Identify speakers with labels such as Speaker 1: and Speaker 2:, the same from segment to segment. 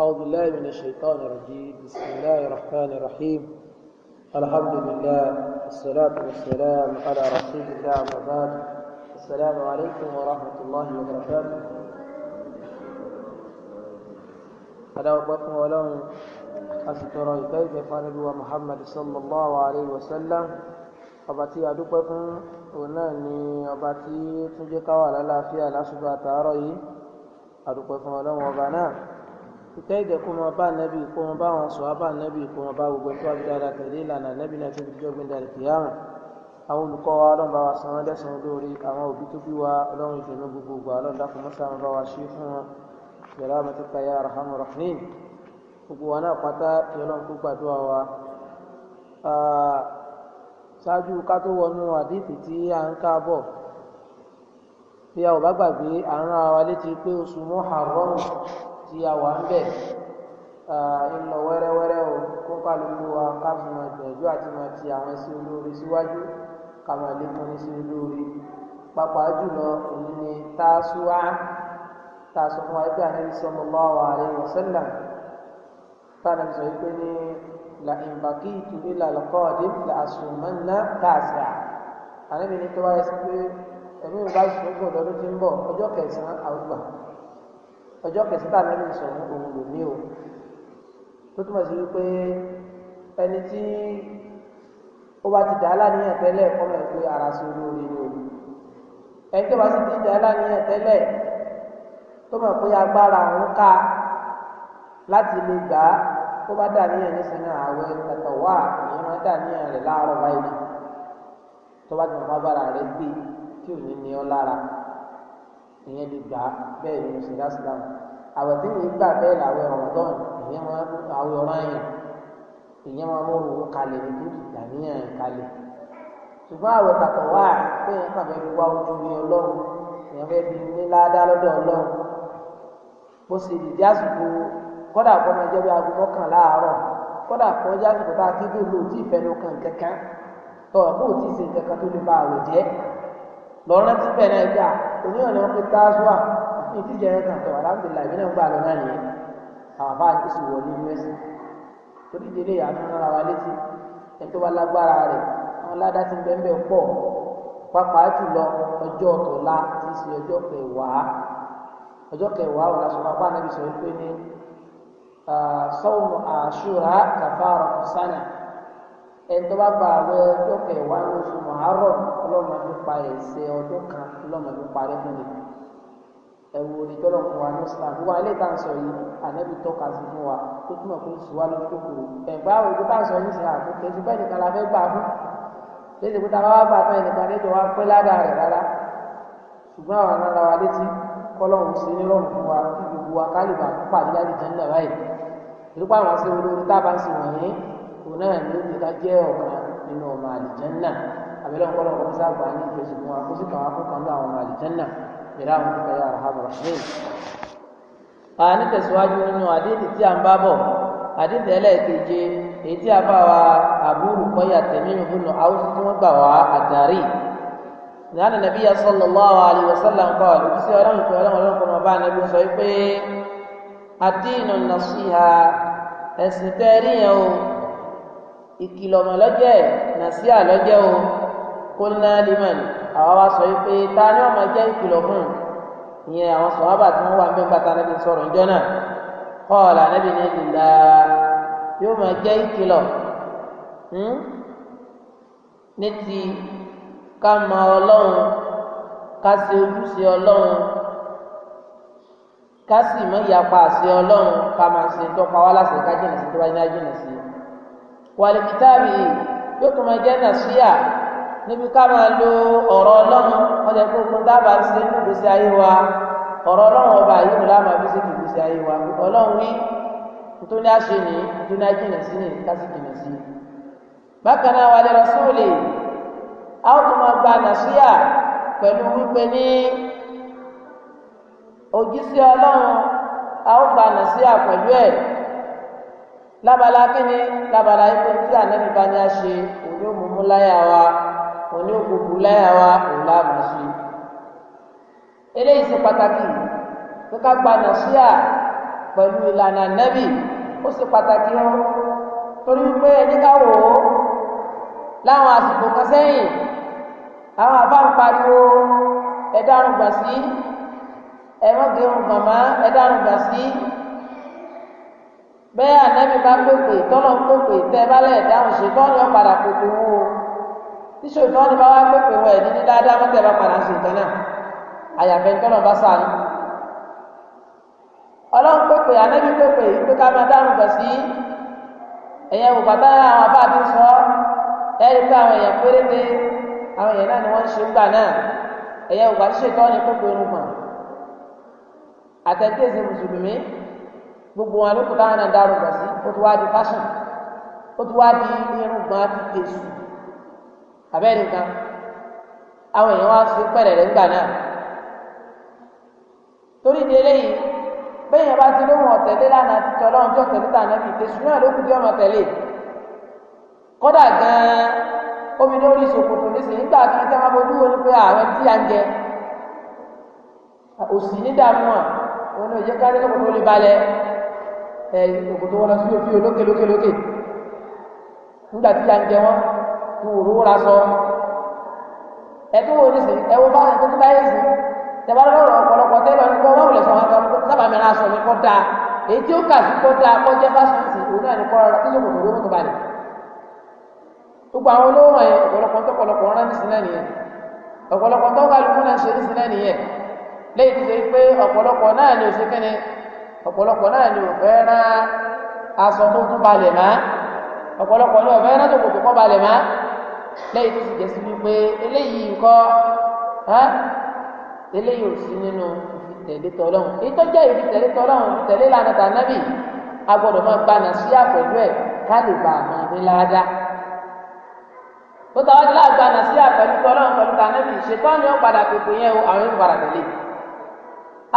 Speaker 1: أعوذ بالله من الشيطان الرجيم بسم الله الرحمن الرحيم الحمد لله والصلاة والسلام على رسول الله وبعد السلام عليكم ورحمة الله وبركاته أنا وقفنا ولهم أسترى كيف فنبي محمد صلى الله عليه وسلم أباتي أدوكم ونأني أباتي تنجي قوالا لا فيها لا سبات أرأي أدوكم ولهم وبناه ìkẹ́ ìgẹ̀ kó máa bá ànábì kó máa bá àwọn sọ̀rọ̀ bá ànábì kó máa bá gbogbo ẹni tó wájú dáadáa tẹ̀lé ìlànà ànábì náà tó fi jọ́ gbẹ̀dẹ̀ àlùkìyàmù àwọn olùkọ́ wa ọlọ́run bá wa san wọ́n lẹ́san lórí àwọn òbí tó bí wa ọlọ́run ìdùnnú gbogbogbò ọlọ́run dákun mọ́sá wọn bá wa ṣe fún wọn yàrá mẹ́tẹ́ta yà rahman rahim gbogbo wa náà pátá ìyọlọ́run kó gbàdúrà wa. ṣáájú ká tó wọnú àdìtì tí à ń káàbọ̀ bí a ò bá gbàgbé à ń wa létí pé oṣù Muharram tí a wà ń bẹ̀ ń lọ wẹ́rẹ́wẹ́rẹ́ o kó kálukú wa ká fi máa gbìyànjú àti máa ti àwọn sí olóore síwájú ká máa lékún ní sí olóore pàápàá jùlọ èyí ni tásúwá tá a sọ fún wa pé ànábi sallallahu alaihi wasallam táwọn sọ wípé ní la ìmbàkí ìtúrí làlọ́kọ́ọ̀dé la àsùnmọ́nà tààsà ànábi ní tó wáyé sí pé ẹ̀mí ìbáṣepọ̀ gbọ́dọ̀ ló ti ń bọ̀ ọjọ́ kẹsàn-án àwùgbà ọjọ́ kẹsìtà lẹ́nu ìsọ̀rọ̀ òun lò ní o tó túmọ̀ sí wípé ẹni tí ó bá ti dà á láníyàn tẹ́lẹ̀ kọ́mọ ẹ̀ pé ara sí olóore ni o ẹni tó bá sì ti dà á láníyàn tẹ́lẹ̀ tó mọ̀ pé agbára òun ká láti lè gbà á tó bá dà níyàn ní sinmi ààwẹ̀ tẹ̀tọ̀ wá ìyẹn máa dà níyàn rẹ̀ láàárọ̀ báyìí tó bá ti mọ̀ bá bára rẹ̀ gbé tí ò ní ní ọ lára ìyẹn lè gbà bẹ́ẹ̀ ni mùsùlùmí asilamu àwẹ̀ tí mi gbà bẹ́ẹ̀ làwẹ̀ Ramadan ìyẹn wọn àwẹ̀ ọmọ àyàn ìyẹn wọn mú owó kalẹ̀ ní kúkú ìdàníyàn kalẹ̀ ṣùgbọ́n àwẹ̀ tàtọ̀ wà pé yẹn kàn fẹ́ẹ́ fi wá ojú ní Ọlọ́run èèyàn fẹ́ẹ́ fi ní ládá lọ́dọ̀ Ọlọ́run bó ṣe dìde àsìkò kódà kọ́ máa jẹ́ bí aago mọ́kànlá àárọ̀ kódà kọ́ jẹ́ àsìkò tá a kí bí olóòtú ìfẹ́nu kan kankan tọ̀ kó o ti ṣe kankan tó lè ba àwẹ̀ jẹ́ lọ́rọ́ ti bẹ̀rẹ̀ gbà òní ọ̀nà ń pe tásùà ní ìtìjẹ́ ẹ̀ka tó alábìlà ìbí náà ń gbà lọ náà nìyẹn àwọn afá àti sì wọlé ní ẹsẹ̀ tó díje lè yàtọ̀ nára wa létí ẹni tó bá lágbára rẹ̀ àwọn ládá ti bẹ́ẹ̀ pọ̀ pápá jùlọ ọjọ́ ọ̀tọ̀lá ti ṣe ọjọ́ kẹwàá ọjọ́ kẹwàá ọ̀la sọ pápá náà bí sọ wípé ní sọ́wọ́n àṣúra kàfárọ̀ sánà ẹni tó bá gba àwọn ọjọ́ kẹwàá ní oṣù mọ̀hárọ̀ ọlọ́run máa fi pa ẹ̀ṣẹ̀ ọjọ́ kan ọlọ́run máa fi parẹ́ fún mi ẹ̀wù onítọ́lọ̀ fún wa ní islam gbogbo alẹ́ tá à ń sọ yìí ànábì tọ́ka sí fún wa tó túmọ̀ pé oṣù wa lójú kòkòrò ẹ̀gbá àwọn ìgbó sọ yìí sí àgbo kẹsì bẹ́ẹ̀ nìkan la fẹ́ gbà fún léde pé tá a bá gbà tán ẹnìkan lẹ́jọ́ wa pẹ́ ládàá rẹ̀ rárá ṣùgbọ́n àwọn ará wa létí kọ́lọ́hún sí nírọ̀rùn fún wa kí gbogbo wa kálíbà pàdé láti jẹ́ ńlẹ̀ báyìí ìdúpọ̀ àwọn aṣèwọlé orí tá a bá ń sè wọ̀nyí òun náà ní òbí ká jẹ́ ọ̀kan nínú ọmọ àlìjẹ́nà abẹ́lẹ́ ọ̀pọ̀lọ̀ ọ̀pọ̀ sá gbà ní ìjọsìn fún wa kó sì kàwá fún kan náà àwọn ọmọ àlìjẹ́nà ìrà àwọn tó fẹ́yà àhábọ̀ rahim. a ní tẹ̀síwájú nínú àdéhìí tí a ń bá bọ̀ àdéhìí ẹlẹ́ẹ̀keje èyí tí a bá wa àbúrò kọ́yà tẹ̀mí mi fún àwùjọ tí wọ́n gbà wá àdàrí nana nabi ẹ̀sìn tẹ́rí yẹn o ìkìlọ̀ ọmọ lọ́jẹ́ nàṣíà lọ́jẹ́ o kólínà limani àwa wa sọ pé ta ni ọmọ jẹ́ ìkìlọ̀ fún ìyẹn àwọn sọ̀hábà tí wọ́n wà ń bẹ́ gbàtà níbi sọ̀rọ̀ ìjọ náà kọ́ọ̀lá níbi ní ìlà yóò máa jẹ́ ìkìlọ̀ hmm? ní ti ká ma ọlọ́run ká ṣe ojúṣe ọlọ́run ká sì mọ̀ ìyapa àṣẹ ọlọ́run ká máa ṣe tọ́pa wá láṣẹ ká jìnà sí tó bá jìnà sí i wàlẹ̀ kìtàbì yóò tún máa jẹ́ nàṣíyà níbi ká máa lo ọ̀rọ̀ ọlọ́run ọ̀dẹ̀ kó fún dábàá ń ṣe ní ìgbésí ayé wa ọ̀rọ̀ ọlọ́run ọba yìí ló láàmà bí ṣe ní ìgbésí ayé wa ọlọ́run wí nítorí ní àṣẹ ní nítorí ní àjìnà sí ní ká sì jìnà sí. bákan náà wàlẹ̀ rọ̀ṣúlì a ó tún máa gba nàṣíyà pẹ̀lú wípé ní òjíṣẹ́ ọlọ́run a ó gba nàṣíyà pẹ̀lú ẹ̀ lábala kíni lábala ikú tí ànábì bá ní a ṣe òní òmùmú láyà wa òní òkùnkùn láyà wa òun láàmú sí i eléyìí ṣe pàtàkì pé ká gba nàṣíà pẹ̀lú ìlànà ànábì ó ṣe pàtàkì ó torí pé ẹni ká wò ó láwọn àsìkò kan sẹ́yìn àwọn àbá ń pariwo ẹ̀dá àrùn gbà sí ẹ̀rọ gẹ̀rùn gbàmá ẹ̀dá àrùn gbà sí bẹ́ẹ̀ ànẹ́bí bá pèpè tọ́lọ̀ ń pèpè tẹ́ balẹ̀ dáhùn ṣètọ́ni ó padà pèpè wọn o tí ṣètọ́ni bá wá pèpè wọn ẹ̀ nídí dáadáa mọ́tẹ́ bá padà ṣètọ́ náà àyàfẹ́ tọ́lọ̀ bá sàánú. ọlọ́run pèpè ànẹ́bí pèpè pé ká máa dáhùn gbọ̀ sí ẹ̀yẹ wò bàtà àwọn abá ti sọ
Speaker 2: ẹ̀rí pé àwọn èèyàn péréte àwọn èèyàn náà ni wọ́n ń
Speaker 1: ṣe gbà náà ẹ̀yẹ wò bàtà ṣètọ́ni pèpè rúgbọ̀n àtẹ̀tẹ̀ gbogbo wọn ló kú táwọn náà sí ó ti wá di fashion ó ti wá di irùngbọ̀n ti tẹ̀sù abẹ́rẹ́ nǹkan àwọn èèyàn wá sí pẹ̀lẹ́rẹ́ ńgbà náà torí eléyìí bẹ́ẹ̀ bá ti lóhùn ọ̀tẹ̀lé lánàá ti tọ́ lọ́hùn tí náà fi tẹ̀sù náà ló kú bí ọmọ tẹ̀lé gan-an omi lórí ìṣòkòtò ni pé ẹ òkòtò wọn lọ sí òfin olókè lókè lókè nígbà tí yàn jẹ wọn tó wòrò wòrà sọ ẹtú wo ní sìn ẹwọ bá ẹtú bá yẹ sìn tẹbàrà lọrọ ọ̀pọ̀lọpọ̀ tẹlọ ní kọ wáwùlẹ sọ wọn kọ sábà mẹ́rin aṣọ ní kọ dáa èyí tí ó kà sí kọ dáa kọ jẹ fásitì sìn òun náà ní kọ rárá tí yòókù tó tó balẹ̀ gbogbo àwọn olówó wọn yẹn ọ̀pọ̀lọpọ̀ tó ọ̀pọ̀lọpọ̀ ọ̀pọ̀lọpọ̀ náà ni ò fẹ́ rán aṣọ tó tún balẹ̀ mọ́ ọ̀pọ̀lọpọ̀ ni ò fẹ́ rán tòkòtò kọ́ balẹ̀ mọ́ lẹ́yìn tó sì jẹ́ sí wípé eléyìí nǹkan eléyìí ò sí nínú ìfitẹ̀lé tọ́lọ́hún èyí tó jẹ́ ìfitẹ̀lé tọ́lọ́hún ìfitẹ̀lé lànà tànábì a gbọ́dọ̀ máa gba nàṣíà pẹ̀lú ẹ̀ ká lè bà á máa ní ládàá tó tàwọn ti láàgbà nàṣíà pẹ̀lú tọ́lọ́hún pẹ̀lú o àwọn yóò padà tẹ̀lé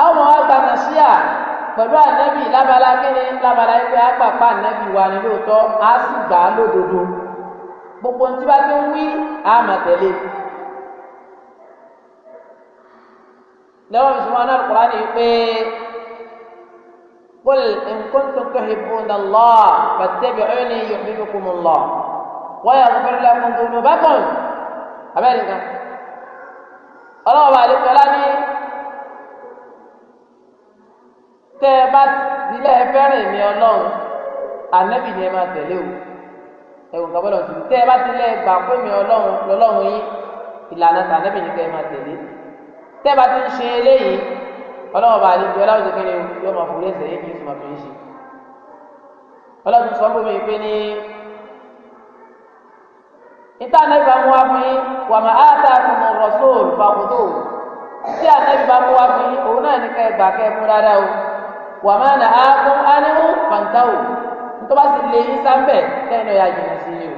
Speaker 1: àwọn ọmọ wa pẹ̀lú ànẹ́bì lábala kíni lábala ẹgbẹ́ apàpà ànẹ́bì wà ní lóòótọ́ á sì gbà á lódodo gbogbo ní tí bá ti ń wí á mà tẹ̀lé. lẹ́wọ̀n ìṣúná náà kúrá ni pé قل إن كنتم تحبون الله فاتبعوني يحببكم الله ويغفر لكم ذنوبكم أمريكا
Speaker 2: الله عليك ولا
Speaker 1: tẹ ẹ bá tilẹ̀ fẹ́ràn èmi ọlọ́run ànábì ni ẹ máa tẹ̀lé o ẹ̀wọ̀n kan bọ́dọ̀ sí tẹ ẹ bá tilẹ̀ gbà pé mi ọlọ́run lọ́lọ́run yín ìlànà tànábì ni kẹ́ ẹ máa tẹ̀lé tẹ ẹ bá ti ń ṣe eléyìí ọlọ́run bá ní bí ọlọ́run ti kéde yóò máa fòrí ẹsẹ̀ yín kí n sì máa fi ṣe ọlọ́run sọ fún mi pé ní
Speaker 2: ìta ànábì bá mú wá fún yín wà má á tà fún rọ̀ sóòlù
Speaker 1: fàkùtò tí ànábì bá mú wá fún yín òun náà ní kẹ́ ẹ gbà kẹ́ ẹ mú rárá o. wà má nà á kún ánihu fàǹtàwò nítorí sì lè yín sáńbẹ̀ lẹ́yìn yà jìnnà sí o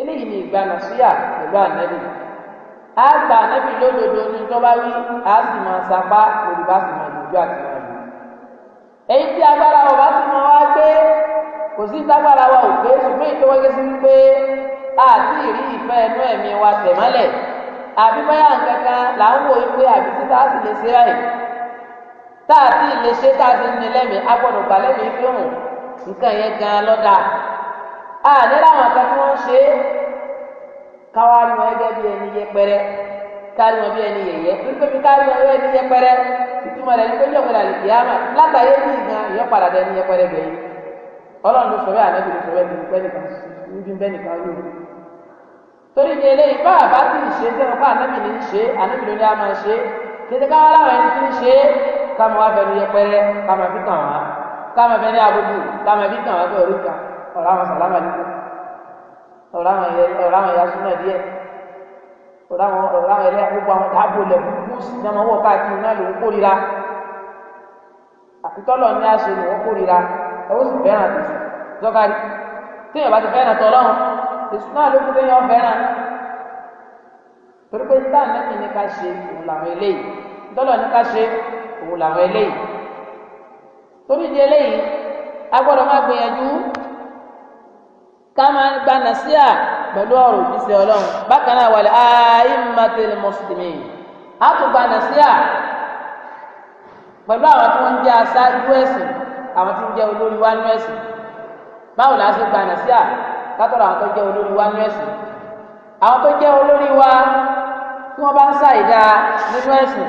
Speaker 1: eléyìí ni ìgbà nàṣúyà pẹ̀lú ànábì á gba ànábì lódodo ní tó wí á sì máa sapá sì máa àti máa èyí tí agbára wa bá ti máa wá gbé kò sí tágbára wa ò gbé ṣùgbọ́n sí wípé àti ìrí ìfẹ́ ẹnu ẹ̀mí wa àbí báyà nǹkan kan là ń wò wípé àbí tá a ti lè ṣe tá a ti ní lẹ́mìí a gbọ́dọ̀ gbà lẹ́mìí pé òun nǹkan yẹn gan lọ́dà a ní láwọn kan tí wọ́n ṣe é káwá rí wọn gẹ́gẹ́ bí ẹni yẹpẹrẹ kárí wọn bí ẹni yẹyẹ wípé mi kárí wọn bí ẹni yẹpẹrẹ ìtumọ̀ rẹ̀ ní pé yọ̀wé rà lè kí á mà látàyé ní ìgbà ìyọ́ padà dé ẹni yẹpẹrẹ bẹ̀ yìí ọlọ́run ló sọ torí ní eléyìí bá àbá tí ì ṣe tẹ́wọ́n bá ànábì ní ṣe ànábì ló ní á máa ṣe
Speaker 2: kété káwá láwọn ẹni tí ń ṣe káma
Speaker 1: wá fẹnu yẹpẹrẹ káma fi kàn wá káma fẹnu àbójú káma fi kàn wá pé orí kan ọ̀rọ̀ àwọn sàlámà nínú ọ̀rọ̀ àwọn ẹ̀yà súnà díẹ̀ ọ̀rọ̀ àwọn ẹ̀yà gbogbo àwọn dáàbò lẹ̀kú búùsì náà máa wọ̀ káàkiri náà lòún kórira àtitọ́lọ̀ ní àṣẹ lòún kórira ẹ̀wọ́ sì fẹ́ràn àtẹ̀sí zọ́kárì téèyàn bá ti fẹ́ràn tọ́lọ́run èsì náà ló kú téèyàn fẹ́ràn torí pé táà nẹ́bì ní ká ṣe òun làwọn eléyìí ní ká ṣe òun làwọn eléyìí torí di eléyìí a gbọ́dọ̀ máa gbìyànjú ká máa gba nàṣíà pẹ̀lú ọ̀rọ̀ ìfisẹ̀ ọlọ́run bákan náà wàlẹ̀ ayé mọ́tẹ́lẹ̀ mùsùlùmí a tún gba nàṣíà pẹ̀lú àwọn tí wọ́n ń jẹ́ aṣáájú ẹ̀sìn àwọn tí ń jẹ́ olórí wá nú ẹ̀sìn báwo la ṣe gba nàṣíà látọ̀rọ̀ àwọn tó jẹ́ olórí wá nú ẹ̀sìn àwọn tó jẹ́ olórí wa tí wọ́n bá ń ṣàìdá nínú ẹ̀sìn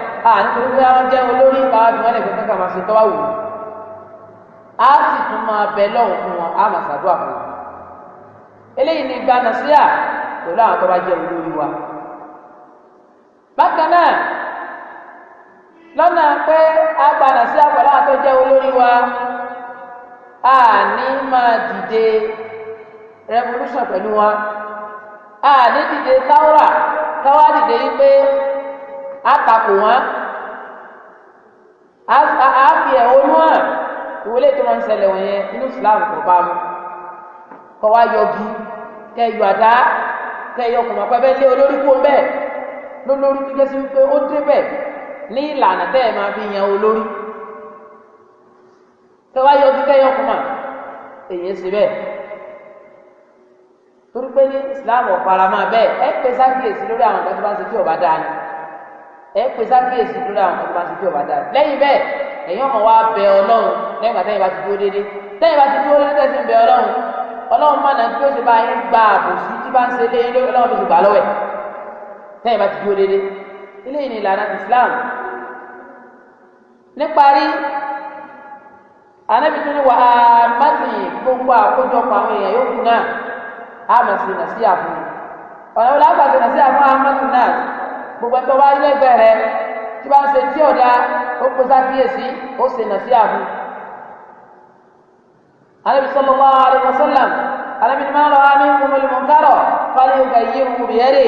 Speaker 1: a nítorí pé wọ́n jẹ́ olórí lè fi kankan máa ṣe tọ́wá wù á sì tún máa bẹ lọ́hùn fún wọn á ni pẹ̀lú àwọn tó bá jẹ́ olórí wa bákan náà lọ́nà pé a gba nàṣíà pẹ̀lú àwọn tó wa a ní máa dìde revolution pẹ̀lú wa a ní dìde táwọ́rà dìde á takò wọn á fi ẹ̀hónú hàn ìwé lè tó máa ń ṣẹlẹ̀ wọ̀nyẹn nínú Islam kò bá mu yọgi kẹ yọ àdá kẹ́ yọ kùmọ̀ pẹ́ bẹ́ẹ̀ lé olórí kú bẹ́ẹ̀ lólórí tó sí pé ó dé ní ìlànà máa fi yan olórí yọgi kẹ yọ torí pé ní Islam ọ̀pára máa ẹ pèsè àkíyèsí lórí àwọn ẹ pè sákèésì lórí àwọn ọmọ àti ìjọba dáa lẹ́yìn bẹ́ẹ̀ ọmọ wa bẹ Ọlọ́run lẹ́yìn bá tẹ̀yin bá ti dúró déédéé tẹ̀yin bá ti dúró déédéé tẹsí ń bẹ nà tí ó ṣe bá yín gba àbòsí tí bá ń ṣe léyìn lórí fi gbà bá ti dúró déédéé eléyìí ni gbogbo ẹtọ bá lẹ́gbẹ̀ẹ́ rẹ tí bá ń ṣe tí ọdá ó kó sáfíyèsí ó sì nà sí àbú. alebi sallallahu alaihi wasallam alebi ni máa ń lọ wá ní kumuli munkaro fali nga yé mu bìyẹrẹ.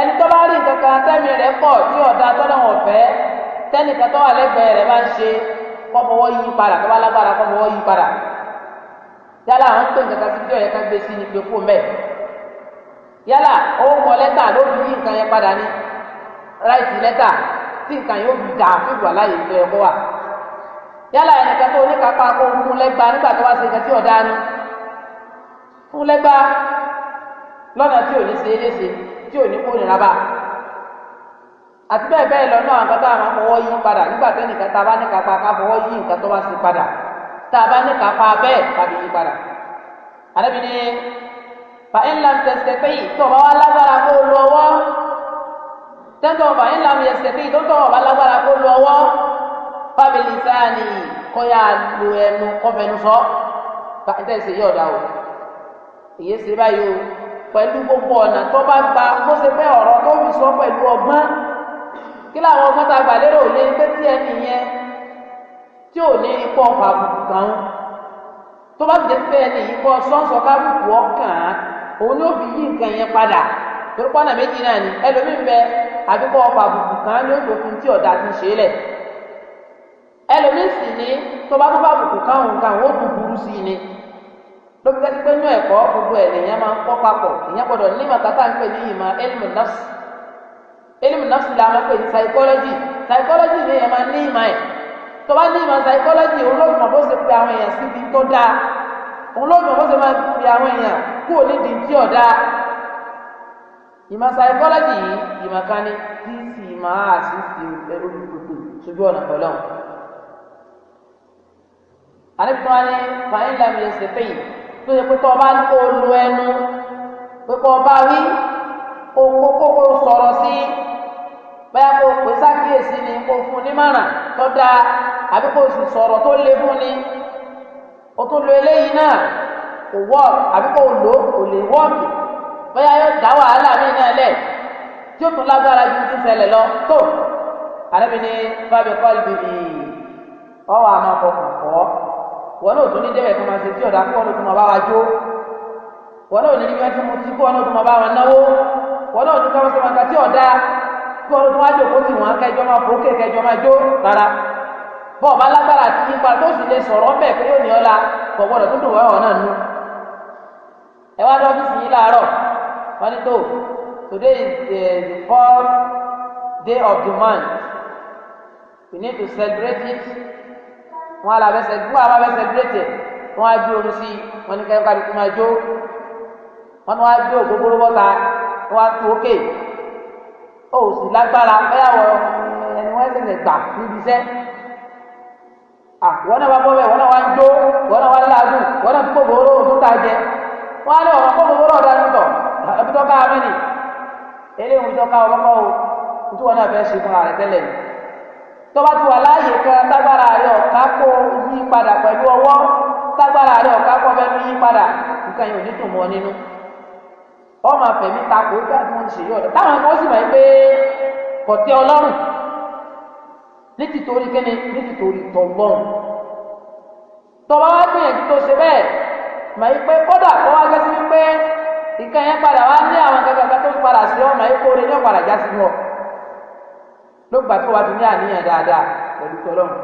Speaker 1: ẹni tó bá rí nǹkan kan tẹ́mi rẹ̀ pọ̀ tí ọ̀dà tọ́lọ̀ wọn fẹ́ tẹ́nìkan tó wà lẹ́gbẹ̀ẹ́ rẹ̀ máa ń ṣe kọ́ fọwọ́ yí padà tó bá lágbára kọ́ fọwọ́ yí padà. yálà àwọn tó nǹkan kan sí ọ̀yẹ́ kan gbé sí ni pé kú mẹ́ẹ̀. yálà ó kọ lẹ́tà ló fi yí nǹkan yẹn padà ní
Speaker 2: ráìtì lẹ́tà
Speaker 1: tí nǹkan yóò fi dà fún ìwà láyé ìtọ́ ẹ̀kọ́ wa yálà ẹnìkan tó oníkápá kó fún lẹ́gba nígbà tó wá tí ọ̀dá ni fún lẹ́gba lọ́nà tí ò ní ṣe é léṣe tí ò ní kó nira bá àti bẹ́ẹ̀ bẹ́ẹ̀ lọ náà nǹkan a fọwọ́ yí padà nígbà tá fàyín lam tẹsẹ̀ pé yìí tó ọba wa lágbára kó lu ọwọ́ tẹ́tọ̀ fàyín lam tẹsẹ̀ pé yìí tó tọ̀ ọba lágbára kó lu ọwọ́ fábìlì sáàni kọ́ ya lu ẹnu kọ́fẹ́nu sọ fàyín tẹsẹ̀ yìí ọ̀dà o èyí ṣe báyìí o gbogbo ọ̀nà tó bá gba kó ṣe pé ọ̀rọ̀ tó fi sọ pẹ̀lú ọgbọ́n
Speaker 2: kí làwọn ọgbọ́n tá a gbà lérò lé pé tí ẹni
Speaker 1: yẹn tí ò ní ikú ọkọ̀ àbùkù kan tó bá ti dé pé ẹni yìí kọ́ sọ́ńsọ̀ ká ọkàn án. òun obi ó fi yí nǹkan yẹn padà torí pọ́nà méjì náà ni ẹlòmíín bẹ àbíkọ́ ọkọ̀ àbùkù kan ní oṣù fún tí ọ̀dà ti ṣe é lẹ̀ ẹlòmíín sì ni tó bá tó bá àbùkù kan òun kan ó burú ni pé ẹ̀kọ́ gbogbo ẹ̀ máa ń kọ́ papọ̀ gbọ́dọ̀ ní ń pè ní ìmọ̀ la máa pè ní psychology psychology ni èèyàn máa ní ìmọ̀ ẹ̀ tó bá ní ìmọ̀ psychology òun kúrò nídìí tí ọ̀dà ìmọ̀ psychology yìí ìmọ̀ kan ní tí sì máa àṣìṣe olùkùkù ṣojú ọ̀nà pẹ̀lú ọ̀hún. àdébùtọ́ wa ní fàáyín lẹ́mí ẹsẹ̀ pẹ̀yìn tó yẹ pé tó ọba kó lu ẹnu pé kó ọba wí kókó sọ̀rọ̀ sí báyà kó pè sákìyèsí ni kó fún nímọ̀ràn tó dáa àbí kó sì sọ̀rọ̀ tó le fún ni ó tún lo eléyìí náà kò wọ́ọ̀ àbí kò lò kò lè wọ́ọ̀kì bóyá yóò dá wàhálà mí náà lẹ̀ tí ó tún lágbára ju ti ṣẹlẹ̀ lọ tó àlẹ́bí ní fábí kọ́ọ̀lì bìbì ọwọ́ àmọ́ ọkọ̀ kọ̀ọ̀kọ́ wọn náà tún ní débẹ̀ tó máa ṣe tí ọ̀dà kọ́ọ̀lù tó máa bá wa jó wọn náà ní ní wọ́n ti mú tí kọ́ọ̀lù tó máa bá wọn náwó wọn náà tún káwọn sọmọ kàtí ọ̀dà kọ́ọ̀lù tó máa jòkó tì wọ́n kẹjọ máa fò kẹjọ máa jó rárá bọ́ọ̀ bá lágbára ti ipa tó sì lè sọ̀rọ̀ bẹ́ẹ̀ pé yóò ní ọ̀la kọ̀ gbọ́dọ̀ tó dùn wọ́ọ̀ ẹ wá lọ́fíìsì yìí láàárọ̀ wọ́n ní tó today is the fourth
Speaker 2: day of the month
Speaker 1: we need to celebrate it wọ́n alábẹ́sẹ̀ wọ́n alábẹ́sẹ̀ celebrate it wọ́n á gbé orin sí wọ́n ní kẹ́kọ̀ọ́ àti kúmọ̀ ẹjọ́ wọ́n ní wọ́n á gbé ògógóró bọ́ta wọ́n á tu ókè ó sì lágbára bẹ́yàwó ẹni wọ́n ṣẹ̀ṣẹ̀ gbà níbi iṣẹ́ àwọn náà wá bọ́ bẹ́ẹ̀ wọ́n náà wá ń jó wọ́n náà wá ń láàgùn wọ́n náà tó kòkòrò òkúta jẹ wọn á ọ̀rọ̀ kọ́ gbogbo ọ̀dà nítọ̀ ẹbí amẹ́ni eléyìí tọ́ka ọlọ́kọ́ o náà fẹ́ ṣe fún ààrẹ tẹ́lẹ̀ wà láàyè kan tágbára ọ̀ká kó yí padà pẹ̀lú ọwọ́ tágbára ọ̀ká fẹ́ yí padà nǹkan ní tùmọ̀ nínú ọmọ gbà tí wọ́n ọ̀dọ̀ táwọn kan sì máa ń pé ọlọ́run ní kẹ́ni ní màá yí pé kódà kó wá gẹ́sí wípé
Speaker 2: nǹkan yẹn padà wá ní àwọn kẹkẹ tó padà sí ọ màá yí kó rẹ ní ọ̀padà já sí
Speaker 1: wọn lógbà tó wá fi ní àníyàn dáadáa pẹ̀lú tọ́lọ́mù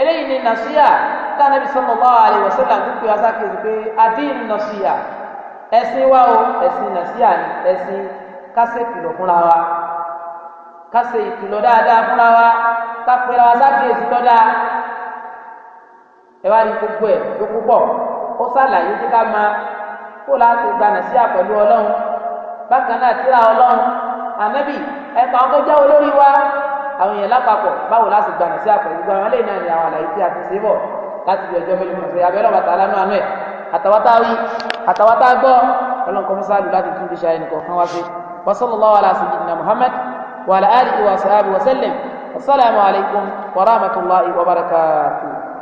Speaker 1: eléyìí ni nàṣíyà tánàbí sallallahu alaihi wasallam gbogbo asákèsì pé adín nàṣíyà ẹ̀sìn wa o ẹ̀sìn nàṣíyà ni ẹ̀sìn kásẹ̀ kìlọ̀ fúnra wa kásẹ̀ ìkìlọ̀ dáadáa fúnra wa kápẹ́ra asákèsì lọ́dà ẹ̀ wá ní gbogbo ẹ̀ ló púpọ̀ ó ṣàlàyé tí ká máa kó láti gbanà sí àpẹ̀lú ọlọ́run bákan náà tíra ọlọ́run ànábì ẹ̀ka àwọn tó jẹ́ olórí wa àwọn èèyàn lápapọ̀ báwo láti gbanà sí àpẹ̀lú gbogbo àwọn eléyìí náà ni àwọn àlàyé tí a ti ṣe bọ̀ láti fi ọjọ́ mélòó mọ̀ sí abẹ́rẹ́ bàtà alánú àánú ẹ̀ àtàwátá wí àtàwátá gbọ́ ọlọ́run kọ́ mọ́sá lù láti túnbi nìkan wá sí wa wa ala wa barakatuh